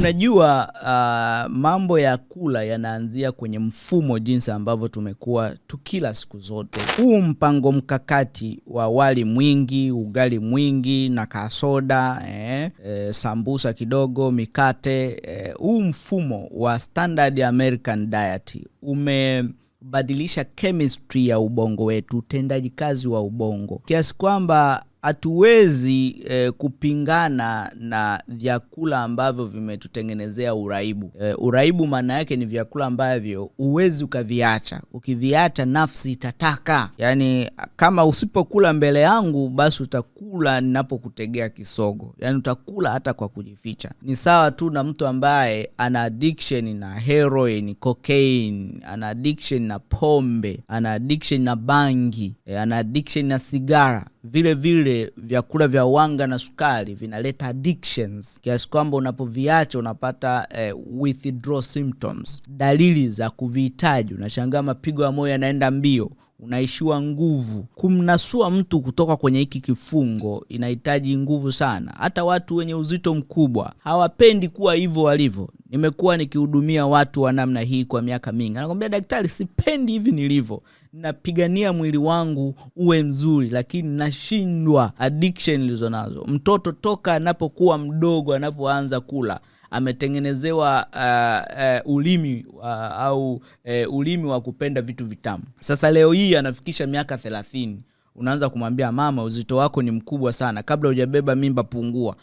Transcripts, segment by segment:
Unajua uh, mambo ya kula yanaanzia kwenye mfumo jinsi ambavyo tumekuwa tukila siku zote. Huu mpango mkakati wa wali mwingi, ugali mwingi na kasoda eh, eh, sambusa kidogo, mikate eh, huu mfumo wa standard American diet ume badilisha chemistry ya ubongo wetu, utendaji kazi wa ubongo kiasi kwamba hatuwezi e, kupingana na vyakula ambavyo vimetutengenezea uraibu. E, uraibu maana yake ni vyakula ambavyo huwezi ukaviacha. Ukiviacha nafsi itataka, yaani kama usipokula mbele yangu, basi utakula ninapokutegea kisogo, yaani utakula hata kwa kujificha. Ni sawa tu na mtu ambaye ana addiction na heroin, cocaine, ana addiction na pombe, ana addiction na bangi, e, ana addiction na sigara vile vile vyakula vya wanga na sukari vinaleta addictions kiasi kwamba unapoviacha unapata eh, withdraw symptoms, dalili za kuvihitaji. Unashangaa mapigo ya moyo yanaenda mbio, unaishiwa nguvu. Kumnasua mtu kutoka kwenye hiki kifungo inahitaji nguvu sana. Hata watu wenye uzito mkubwa hawapendi kuwa hivyo walivyo nimekuwa nikihudumia watu wa namna hii kwa miaka mingi. Anakwambia daktari, sipendi hivi nilivyo, napigania mwili wangu uwe mzuri, lakini nashindwa addiction ilizo nazo. Mtoto toka anapokuwa mdogo, anapoanza kula ametengenezewa uh, uh, ulimi uh, au uh, ulimi wa kupenda vitu vitamu. Sasa leo hii anafikisha miaka thelathini unaanza kumwambia mama, uzito wako ni mkubwa sana, kabla hujabeba mimba pungua.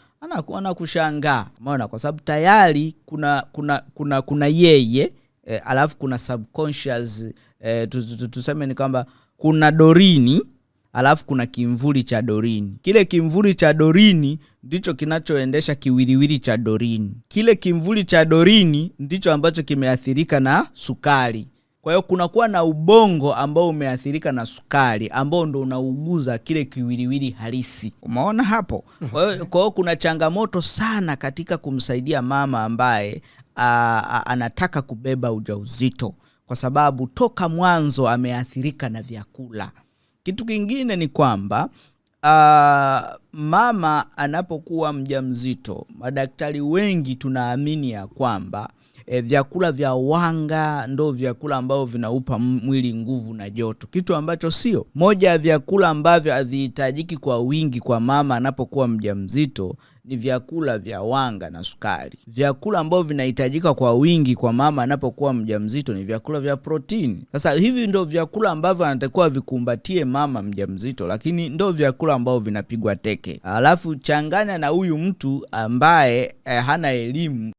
Anakushangaa maana, kwa sababu tayari kuna, kuna, kuna, kuna yeye e, alafu kuna subconscious e, tuseme ni kwamba kuna Dorini alafu kuna kimvuli cha Dorini. Kile kimvuli cha Dorini ndicho kinachoendesha kiwiliwili cha Dorini. Kile kimvuli cha Dorini ndicho ambacho kimeathirika na sukari. Kwa hiyo kunakuwa na ubongo ambao umeathirika na sukari, ambao ndo unauguza kile kiwiliwili halisi. Umeona hapo? Kwa hiyo kuna changamoto sana katika kumsaidia mama ambaye a, a, anataka kubeba ujauzito kwa sababu toka mwanzo ameathirika na vyakula. Kitu kingine ni kwamba a, mama anapokuwa mjamzito, madaktari wengi tunaamini ya kwamba e, vyakula vya wanga ndo vyakula ambavyo vinaupa mwili nguvu na joto, kitu ambacho sio moja ya vyakula ambavyo havihitajiki kwa wingi kwa mama anapokuwa mjamzito ni vyakula vya wanga na sukari. Vyakula ambavyo vinahitajika kwa wingi kwa mama anapokuwa mjamzito ni vyakula vya protini. Sasa hivi ndo vyakula ambavyo anatakiwa vikumbatie mama mjamzito, lakini ndo vyakula ambavyo vinapigwa teke. Alafu changanya na huyu mtu ambaye eh, hana elimu